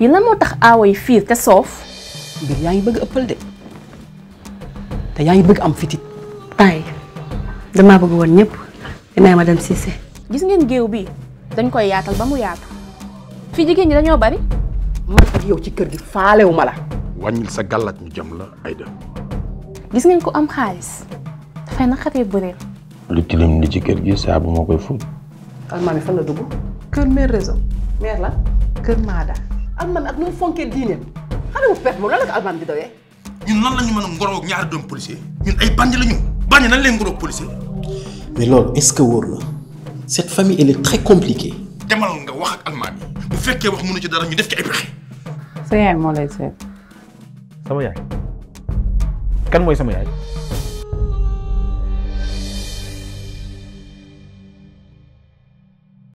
yi lan moo tax aawa yi fiir te soof. mbir yaa ngi bëgg ëppal de te yaa ngi bëgg am fitit tay damaa bëgg woon ñëpp dinaa ma dem Cissé. gis ngeen géew bi dañ koy yaatal ba mu yaatu fii jigéen ñi dañoo bari. man ak yow ci kër gi faalewu ma la. wàññil sa gàllaaj ñu jëm la Aïda. gis ngeen ko am xaalis dafay naqaree bëreel. lu tilim li ci kër gi saabu moo koy fóot. almaami fan la dugg. kër mère réseau mère la kër Maada. almaam ak nu fonké diiné diineem xale bu perte moom lan la ko almaam di doyee. ñun lan lañu mëna ngoro ak ñaar doom policier ñun ay bandi lañu ñu bandi nan lay ngoro policier. mais lool est-ce que wor la cette famille elle est très compliquée. demal nga wax ak almaam yi bu fekkee wax mënu ci dara ñu def ci ay pexe. sa yaay mo lay sét sama yaay kan moy sama yaay.